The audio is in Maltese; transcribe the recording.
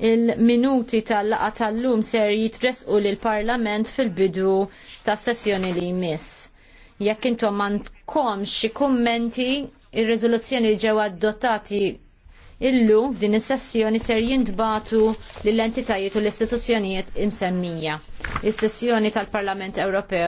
il-minuti tal-laqa tal-lum ser jitresqu lill parlament fil-bidu ta' sessjoni li jmiss. Jekk intom għandkom xi kummenti, ir-riżoluzzjoni li ġew adottati illum f'din is-sessjoni ser jintbatu lill-entitajiet u l-istituzzjonijiet imsemmija. Is-sessjoni tal-Parlament Ewropew